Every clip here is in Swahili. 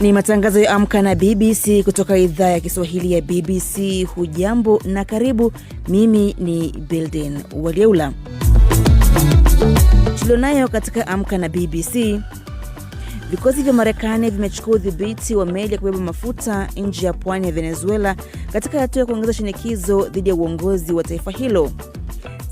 Ni matangazo ya Amka na BBC kutoka idhaa ya Kiswahili ya BBC. Hujambo na karibu. Mimi ni Belden Walieula. Tulionayo katika Amka na BBC: vikosi vya Marekani vimechukua udhibiti wa meli ya kubeba mafuta nje ya pwani ya Venezuela katika hatua ya kuongeza shinikizo dhidi ya uongozi wa taifa hilo.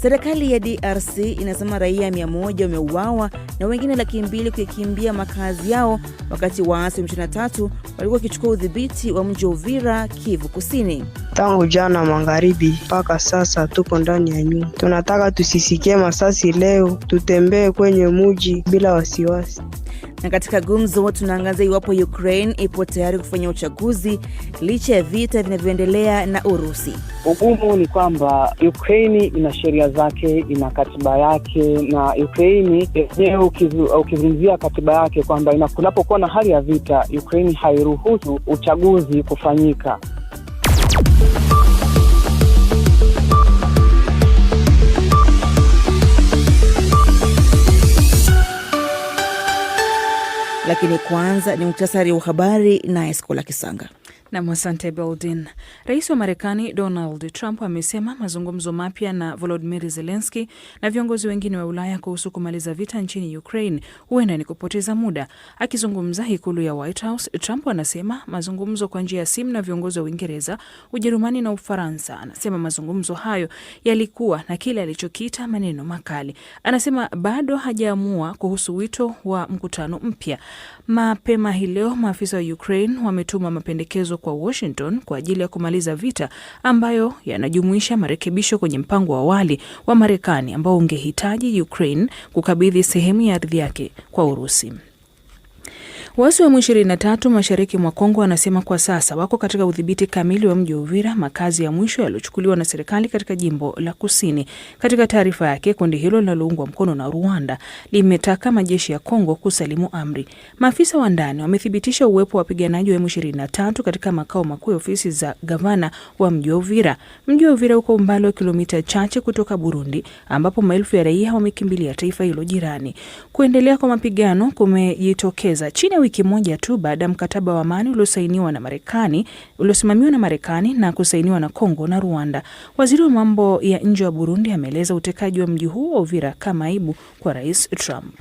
Serikali ya DRC inasema raia 100 wameuawa na wengine laki mbili kukimbia makazi yao wakati waasi 23 walikuwa wakichukua udhibiti wa mji wa Uvira, Kivu Kusini. Tangu jana magharibi mpaka sasa tuko ndani ya nyumba, tunataka tusisikie masasi leo, tutembee kwenye muji bila wasiwasi. Na katika gumzo tunaangaza iwapo Ukraine ipo tayari kufanya uchaguzi licha ya vita vinavyoendelea na Urusi. Ugumu ni kwamba Ukraini ina sheria zake, ina katiba yake, na Ukraini yenyewe ukizungumzia katiba yake kwamba kunapokuwa na hali ya vita, Ukraini hairuhusu uchaguzi kufanyika. lakini kwanza ni muktasari wa habari na skola Kisanga. Nam, asante Beldin. Rais wa Marekani Donald Trump amesema mazungumzo mapya na Volodimir Zelenski na viongozi wengine wa Ulaya kuhusu kumaliza vita nchini Ukraine huenda ni kupoteza muda. Akizungumza ikulu ya White House, Trump anasema mazungumzo kwa njia ya simu na viongozi wa Uingereza, Ujerumani na Ufaransa. Anasema mazungumzo hayo yalikuwa na kile alichokiita maneno makali. Anasema bado hajaamua kuhusu wito wa mkutano mpya. Mapema hii leo maafisa wa Ukraine wametuma mapendekezo kwa Washington kwa ajili ya kumaliza vita ambayo yanajumuisha marekebisho kwenye mpango wa awali wa Marekani ambao ungehitaji Ukraine kukabidhi sehemu ya ardhi yake kwa Urusi. Waasi wa M23 mashariki mwa Kongo wanasema kwa sasa wako katika udhibiti kamili wa mji wa Uvira, makazi ya mwisho yaliyochukuliwa na serikali katika jimbo la Kusini. Katika taarifa yake, kundi hilo linaloungwa mkono na Rwanda limetaka majeshi ya Kongo kusalimu amri. Maafisa wa ndani wamethibitisha uwepo wa wapiganaji wa M23 katika makao makuu ya ofisi za gavana wa mji wa Uvira. Mji wa Uvira uko umbali wa kilomita chache kutoka Burundi, ambapo maelfu ya raia wamekimbilia taifa hilo jirani. Kuendelea kwa mapigano kumejitokeza chini wiki moja tu baada ya mkataba wa amani uliosainiwa na Marekani uliosimamiwa na Marekani na kusainiwa na Kongo na Rwanda. Waziri wa mambo ya nje wa Burundi ameeleza utekaji wa mji huo wa Uvira kama aibu kwa Rais Trump.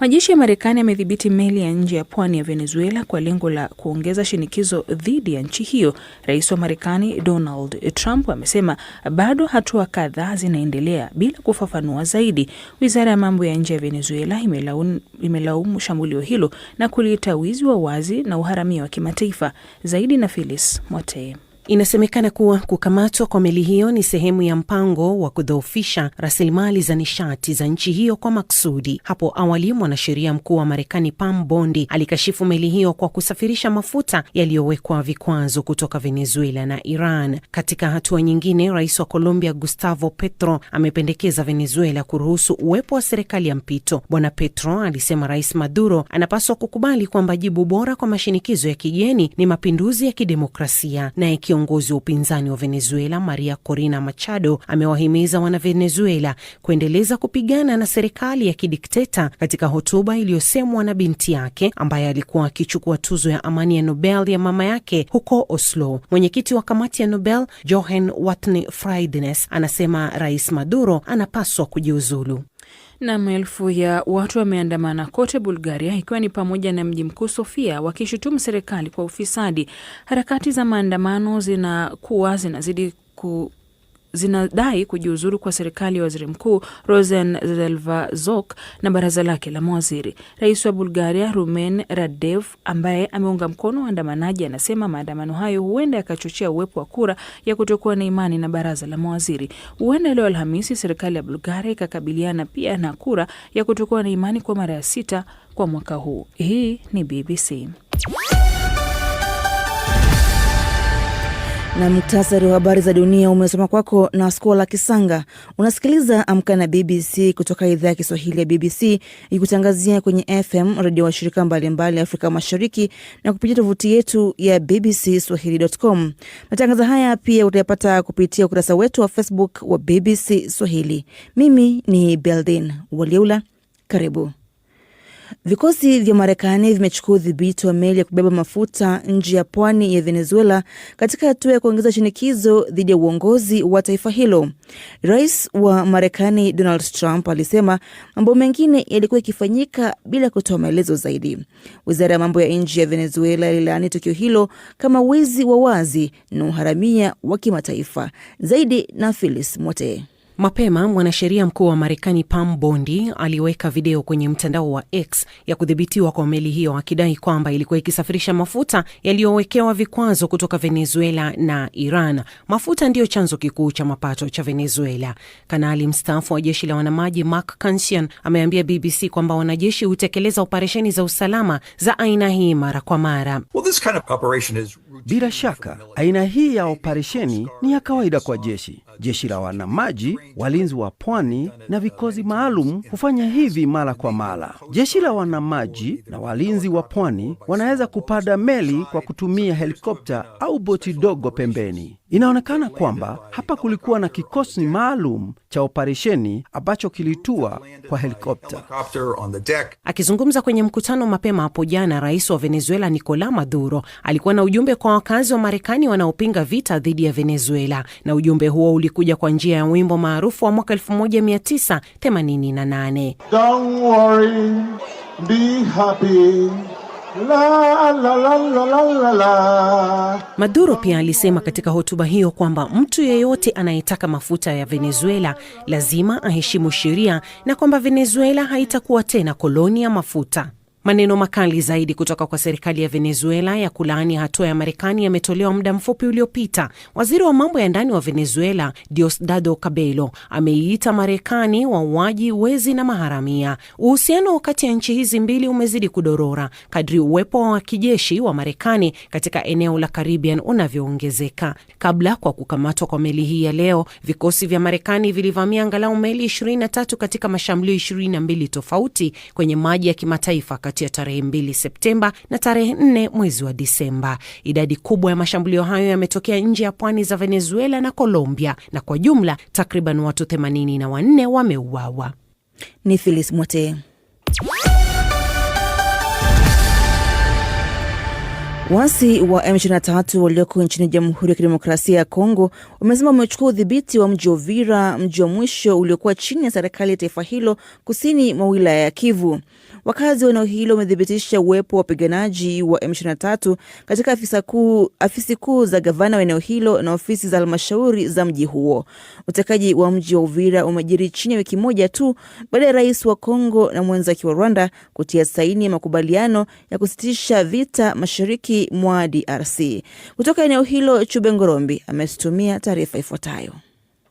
Majeshi ya Marekani yamedhibiti meli ya nje ya pwani ya Venezuela kwa lengo la kuongeza shinikizo dhidi ya nchi hiyo. Rais wa Marekani Donald Trump amesema bado hatua kadhaa zinaendelea bila kufafanua zaidi. Wizara ya mambo ya nje ya Venezuela imelaumu imelaumu shambulio hilo na kuliita wizi wa wazi na uharamia wa kimataifa. Zaidi na Phyllis Mwatee. Inasemekana kuwa kukamatwa kwa meli hiyo ni sehemu ya mpango wa kudhoofisha rasilimali za nishati za nchi hiyo kwa maksudi. Hapo awali mwanasheria mkuu wa Marekani Pam Bondi alikashifu meli hiyo kwa kusafirisha mafuta yaliyowekwa vikwazo kutoka Venezuela na Iran. Katika hatua nyingine, rais wa Colombia Gustavo Petro amependekeza Venezuela kuruhusu uwepo wa serikali ya mpito. Bwana Petro alisema Rais Maduro anapaswa kukubali kwamba jibu bora kwa mashinikizo ya kigeni ni mapinduzi ya kidemokrasia na Kiongozi wa upinzani wa Venezuela Maria Corina Machado amewahimiza Wanavenezuela kuendeleza kupigana na serikali ya kidikteta katika hotuba iliyosemwa na binti yake ambaye alikuwa akichukua tuzo ya amani ya Nobel ya mama yake huko Oslo. Mwenyekiti wa kamati ya Nobel Johan Watne Frydnes anasema Rais Maduro anapaswa kujiuzulu. Na maelfu ya watu wameandamana kote Bulgaria, ikiwa ni pamoja na mji mkuu Sofia, wakishutumu serikali kwa ufisadi. Harakati za maandamano zinakuwa zinazidi ku zinadai kujiuzuru kwa serikali ya waziri mkuu Rosen Zelvazok na baraza lake la mawaziri. Rais wa Bulgaria Rumen Radev, ambaye ameunga mkono waandamanaji, anasema maandamano hayo huenda yakachochea uwepo wa kura ya kutokuwa na imani na baraza la mawaziri. Huenda leo Alhamisi serikali ya Bulgaria ikakabiliana pia na kura ya kutokuwa na imani kwa mara ya sita kwa mwaka huu. Hii ni BBC. Na muktasari wa habari za dunia umesoma kwako na Skola Kisanga. Unasikiliza Amka na BBC kutoka idhaa ya Kiswahili ya BBC ikutangazia kwenye FM redio wa shirika mbalimbali Afrika Mashariki na kupitia tovuti yetu ya BBC Swahili.com. Matangazo haya pia utayapata kupitia ukurasa wetu wa Facebook wa BBC Swahili. Mimi ni Beldin Waliula, karibu. Vikosi vya Marekani vimechukua udhibiti wa meli ya kubeba mafuta nje ya pwani ya Venezuela katika hatua ya kuongeza shinikizo dhidi ya uongozi wa taifa hilo. Rais wa Marekani Donald Trump alisema mambo mengine yalikuwa yakifanyika bila kutoa maelezo zaidi. Wizara ya mambo ya nje ya Venezuela ililaani tukio hilo kama wizi wa wazi na uharamia wa kimataifa. Zaidi na Phyllis mote Mapema mwanasheria mkuu wa Marekani Pam Bondi aliweka video kwenye mtandao wa X ya kudhibitiwa kwa meli hiyo akidai kwamba ilikuwa ikisafirisha mafuta yaliyowekewa vikwazo kutoka Venezuela na Iran. Mafuta ndiyo chanzo kikuu cha mapato cha Venezuela. Kanali mstaafu wa jeshi la wanamaji Mark Cancian ameambia BBC kwamba wanajeshi hutekeleza operesheni za usalama za aina hii mara kwa mara. Well, kind of is... bila shaka aina hii ya operesheni ni ya kawaida kwa jeshi Jeshi la wanamaji, walinzi wa pwani na vikosi maalum hufanya hivi mara kwa mara. Jeshi la wanamaji na walinzi wa pwani wanaweza kupanda meli kwa kutumia helikopta au boti dogo pembeni. Inaonekana kwamba hapa kulikuwa na kikosi maalum cha operesheni ambacho kilitua kwa helikopta. Akizungumza kwenye mkutano mapema hapo jana, rais wa Venezuela Nicolas Maduro alikuwa na ujumbe kwa wakazi wa Marekani wanaopinga vita dhidi ya Venezuela, na ujumbe huo ulikuja kwa njia ya wimbo maarufu wa mwaka 1988. Don't worry, be happy. Maduro pia alisema katika hotuba hiyo kwamba mtu yeyote anayetaka mafuta ya Venezuela lazima aheshimu sheria na kwamba Venezuela haitakuwa tena koloni ya mafuta. Maneno makali zaidi kutoka kwa serikali ya Venezuela ya kulaani hatua ya Marekani yametolewa muda mfupi uliopita. Waziri wa mambo ya ndani wa Venezuela, Diosdado Cabello, ameiita Marekani wauaji, wezi na maharamia. Uhusiano kati ya nchi hizi mbili umezidi kudorora kadri uwepo wa kijeshi wa Marekani katika eneo la Caribbean unavyoongezeka. Kabla kwa kukamatwa kwa meli hii ya leo, vikosi vya Marekani vilivamia angalau meli 23 katika mashambulio 22 tofauti kwenye maji ya kimataifa kati ya tarehe 2 Septemba na tarehe 4 mwezi wa Disemba. Idadi kubwa ya mashambulio hayo yametokea nje ya pwani za Venezuela na Colombia, na kwa jumla takriban watu 84 wameuawa. Ni Phyllis Mwate. Waasi wa M23 walioko nchini Jamhuri ya Kidemokrasia ya Kongo wamesema wamechukua udhibiti wa mji Uvira, mji wa mwisho uliokuwa chini ya serikali ya taifa hilo kusini mwa wilaya ya Kivu. Wakazi wa eneo hilo wamethibitisha uwepo wa wapiganaji wa M23 katika afisi kuu, afisi kuu za gavana wa eneo hilo na ofisi za halmashauri za mji huo. Utekaji wa mji wa Uvira umejiri chini ya wiki moja tu baada ya rais wa Kongo na mwenzake wa Rwanda kutia saini ya makubaliano ya kusitisha vita mashariki mwa DRC. Kutoka eneo hilo, Chube Ngorombi amesitumia taarifa ifuatayo.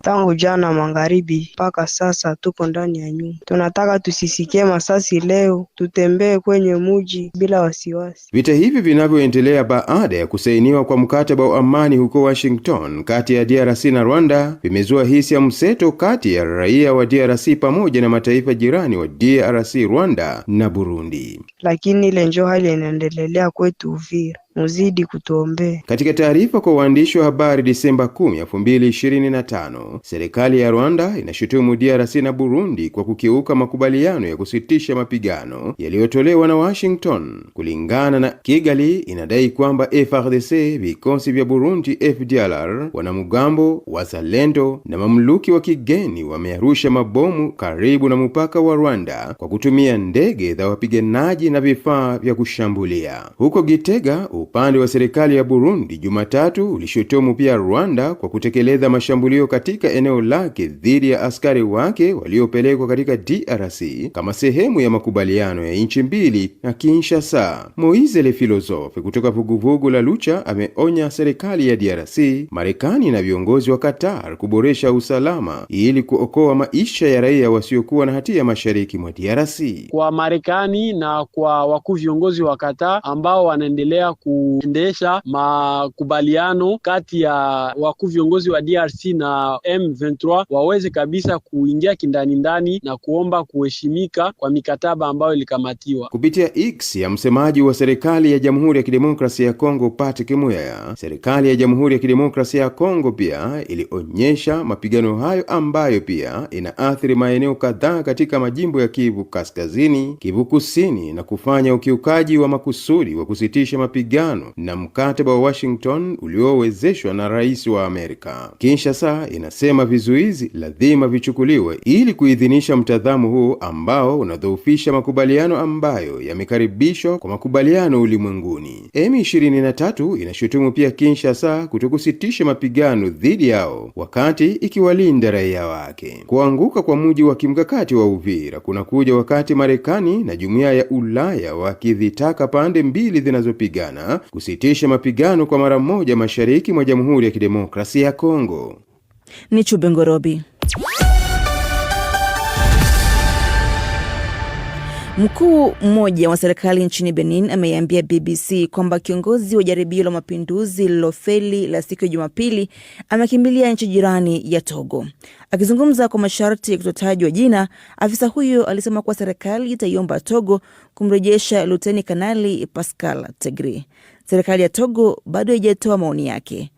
Tangu jana magharibi mpaka sasa tuko ndani ya nyumba. Tunataka tusisikie masasi leo, tutembee kwenye muji bila wasiwasi. Vita hivi vinavyoendelea baada ya kusainiwa kwa mkataba wa amani huko Washington kati ya DRC na Rwanda vimezua hisi ya mseto kati ya raia wa DRC pamoja na mataifa jirani wa DRC, Rwanda na Burundi, lakini ile njo hali inaendelea kwetu Uvira muzidi kutuombea. Katika taarifa kwa waandishi wa habari Disemba 10, 2025, serikali ya Rwanda inashutumu DRC na Burundi kwa kukiuka makubaliano ya kusitisha mapigano yaliyotolewa na Washington. Kulingana na Kigali, inadai kwamba FARDC, vikosi vya Burundi FDLR, wanamgambo wazalendo na mamluki wa kigeni wamearusha mabomu karibu na mpaka wa Rwanda kwa kutumia ndege za wapiganaji na vifaa vya kushambulia. Huko Gitega Upande wa serikali ya Burundi Jumatatu ulishutumu pia Rwanda kwa kutekeleza mashambulio katika eneo lake dhidi ya askari wake waliopelekwa katika DRC kama sehemu ya makubaliano ya nchi mbili na Kinshasa. Moise Le Filosofe kutoka vuguvugu la Lucha ameonya serikali ya DRC, Marekani na viongozi wa Qatar kuboresha usalama ili kuokoa maisha ya raia wasiokuwa na hatia mashariki mwa DRC. Kwa Marekani na kwa wakuu viongozi wa Qatar ambao wanaendelea ku kuendesha makubaliano kati ya wakuu viongozi wa DRC na M23 waweze kabisa kuingia kindani ndani na kuomba kuheshimika kwa mikataba ambayo ilikamatiwa. Kupitia X ya msemaji wa serikali ya Jamhuri ya Kidemokrasia ya Kongo Patrick Muyaya, serikali ya Jamhuri ya Kidemokrasia ya Kongo pia ilionyesha mapigano hayo ambayo pia inaathiri maeneo kadhaa katika majimbo ya Kivu Kaskazini, Kivu Kusini na kufanya ukiukaji wa makusudi wa kusitisha mapigano maridhiano na mkataba wa Washington uliowezeshwa na rais wa Amerika. Kinshasa inasema vizuizi lazima vichukuliwe ili kuidhinisha mtazamo huu ambao unadhoofisha makubaliano ambayo yamekaribishwa kwa makubaliano ulimwenguni. M23 inashutumu pia Kinshasa kutokusitisha mapigano dhidi yao wakati ikiwalinda raia wake. Kuanguka kwa mji wa kimkakati wa Uvira kunakuja wakati Marekani na jumuiya ya Ulaya wakizitaka pande mbili zinazopigana kusitisha mapigano kwa mara moja mashariki mwa Jamhuri ya Kidemokrasia ya Kongo. Ni Chube Ngorobi. Mkuu mmoja wa serikali nchini Benin ameiambia BBC kwamba kiongozi wa jaribio la mapinduzi lilofeli la siku ya Jumapili amekimbilia nchi jirani ya Togo. Akizungumza kwa masharti ya kutotajwa jina, afisa huyo alisema kuwa serikali itaiomba Togo kumrejesha Luteni Kanali Pascal Tegri. Serikali ya Togo bado haijatoa maoni yake.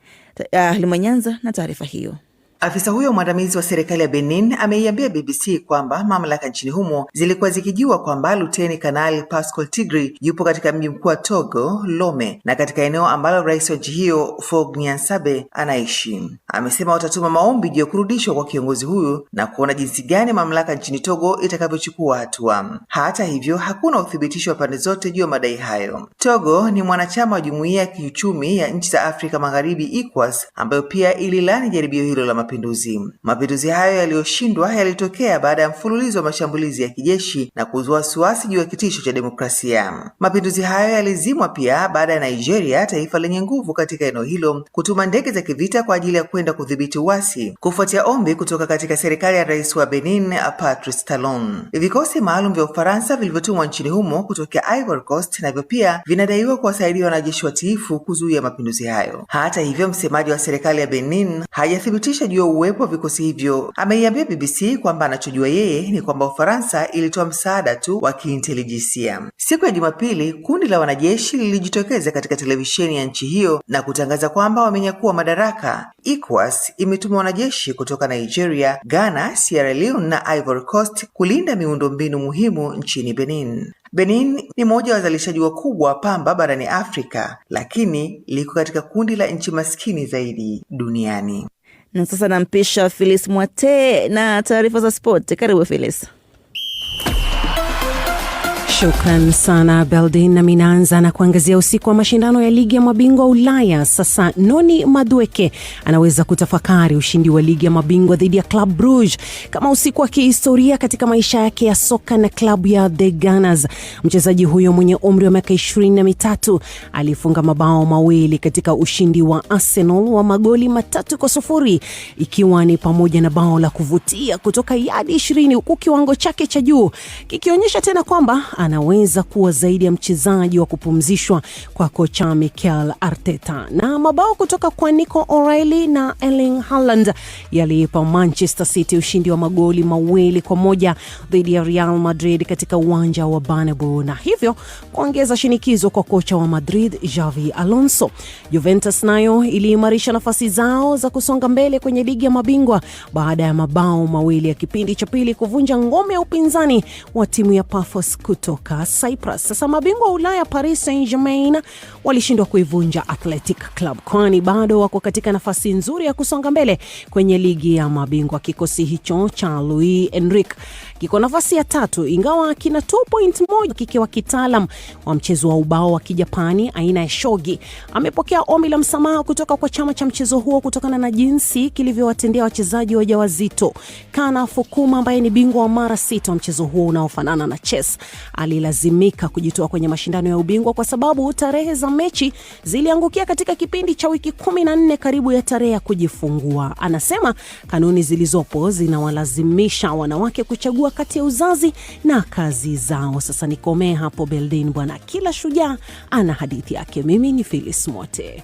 Ah, Halima Nyanza na taarifa hiyo. Afisa huyo mwandamizi wa serikali ya Benin ameiambia BBC kwamba mamlaka nchini humo zilikuwa zikijua kwamba Luteni Kanali Pascal Tigri yupo katika mji mkuu wa Togo, Lome, na katika eneo ambalo rais wa nchi hiyo Faure Gnassingbe anaishi. Amesema watatuma maombi juu ya kurudishwa kwa kiongozi huyu na kuona jinsi gani mamlaka nchini Togo itakavyochukua hatua. Hata hivyo, hakuna uthibitisho wa pande zote juu ya madai hayo. Togo ni mwanachama wa jumuiya ya kiuchumi ya nchi za Afrika Magharibi, ECOWAS, ambayo pia ililani jaribio hilo la mapinduzi. Mapinduzi hayo yaliyoshindwa yalitokea baada ya mfululizo wa mashambulizi ya kijeshi na kuzua wasiwasi juu ya kitisho cha demokrasia. Mapinduzi hayo yalizimwa pia baada ya Nigeria, taifa lenye nguvu katika eneo hilo, kutuma ndege za kivita kwa ajili ya kwenda kudhibiti uasi kufuatia ombi kutoka katika serikali ya rais wa Benin Patrice Talon. Vikosi maalum vya Ufaransa vilivyotumwa nchini humo kutokea Ivory Coast navyo pia vinadaiwa kuwasaidia wanajeshi watiifu kuzuia mapinduzi hayo. Hata hivyo, msemaji wa serikali ya Benin hajathibitisha juu kujua uwepo wa vikosi hivyo. Ameiambia BBC kwamba anachojua yeye ni kwamba Ufaransa ilitoa msaada tu wa kiintelijensia. Siku ya Jumapili, kundi la wanajeshi lilijitokeza katika televisheni ya nchi hiyo na kutangaza kwamba wamenyakua madaraka. ECOWAS imetuma wanajeshi kutoka Nigeria, Ghana, Sierra Leone na Ivory Coast kulinda miundombinu muhimu nchini Benin. Benin ni moja wa wazalishaji wakubwa wa pamba barani Afrika, lakini liko katika kundi la nchi maskini zaidi duniani. Na sasa nampisha Filis Mwate na taarifa za spoti Karibu Filis. Shukran sana Beldin, na minaanza na kuangazia usiku wa mashindano ya ligi ya mabingwa Ulaya. Sasa Noni Madueke anaweza kutafakari ushindi wa ligi ya mabingwa dhidi ya Club Brugge kama usiku wa kihistoria katika maisha yake ya soka na klabu ya The Gunners. Mchezaji huyo mwenye umri wa miaka ishirini na mitatu alifunga mabao mawili katika ushindi wa Arsenal wa magoli matatu kwa sufuri ikiwa ni pamoja na bao la kuvutia kutoka yadi ishirini huku kiwango chake cha juu kikionyesha tena kwamba anaweza kuwa zaidi ya mchezaji wa kupumzishwa kwa kocha Mikel Arteta. Na mabao kutoka kwa Nico O'Reilly na Erling Haaland yaliipa Manchester City ushindi wa magoli mawili kwa moja dhidi ya Real Madrid katika uwanja wa Bernabeu na hivyo kuongeza shinikizo kwa kocha wa Madrid Xavi Alonso. Juventus nayo iliimarisha nafasi zao za kusonga mbele kwenye ligi ya mabingwa baada ya mabao mawili ya kipindi cha pili kuvunja ngome ya upinzani wa timu ya Pafos Kuto kutoka Cyprus. Sasa mabingwa wa Ulaya Paris Saint-Germain walishindwa kuivunja Athletic Club, kwani bado wako katika nafasi nzuri ya kusonga mbele kwenye ligi ya mabingwa. Kikosi hicho cha louis Enrique kiko nafasi ya tatu ingawa kina Kike wa kitaalam wa mchezo wa ubao wa Kijapani aina ya shogi amepokea ombi la msamaha kutoka kwa chama cha mchezo huo kutokana na jinsi kilivyowatendea wachezaji wajawazito. Kana Fukuma ambaye ni bingwa wa mara sita wa mchezo huo unaofanana na chess alilazimika kujitoa kwenye mashindano ya ubingwa kwa sababu tarehe za mechi ziliangukia katika kipindi cha wiki 14 karibu ya tarehe ya kujifungua. Anasema kanuni zilizopo zinawalazimisha wanawake kuchagua kuchagua kati ya uzazi na kazi zao. Sasa nikomee hapo Beldin bwana, kila shujaa ana hadithi yake. Mimi ni Phyllis Mote.